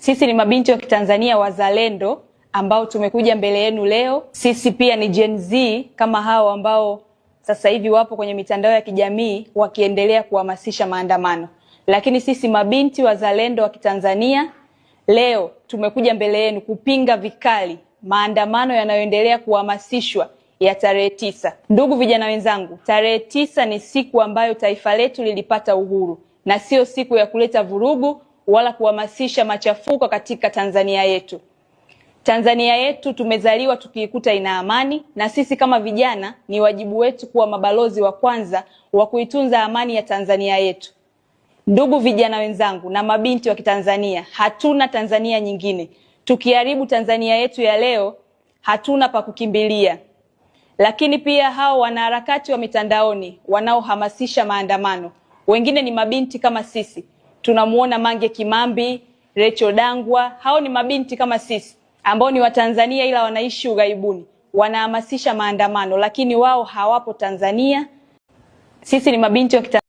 Sisi ni mabinti wa Kitanzania wazalendo ambao tumekuja mbele yenu leo. Sisi pia ni Gen Z kama hao ambao sasa hivi wapo kwenye mitandao ya kijamii wakiendelea kuhamasisha maandamano, lakini sisi mabinti wazalendo wa Kitanzania leo tumekuja mbele yenu kupinga vikali maandamano yanayoendelea kuhamasishwa ya tarehe tisa. Ndugu vijana wenzangu, tarehe tisa ni siku ambayo taifa letu lilipata uhuru na sio siku ya kuleta vurugu wala kuhamasisha machafuko katika Tanzania yetu. Tanzania yetu tumezaliwa tukiikuta ina amani, na sisi kama vijana ni wajibu wetu kuwa mabalozi wa kwanza wa kuitunza amani ya Tanzania yetu. Ndugu vijana wenzangu na mabinti wa Kitanzania, hatuna Tanzania nyingine. Tukiharibu Tanzania yetu ya leo, hatuna pa kukimbilia. Lakini pia hao wanaharakati wa mitandaoni wanaohamasisha maandamano, wengine ni mabinti kama sisi tunamwona Mange Kimambi, Recho Dangwa. Hao ni mabinti kama sisi ambao ni Watanzania ila wanaishi ughaibuni, wanahamasisha maandamano, lakini wao hawapo Tanzania. Sisi ni mabinti wa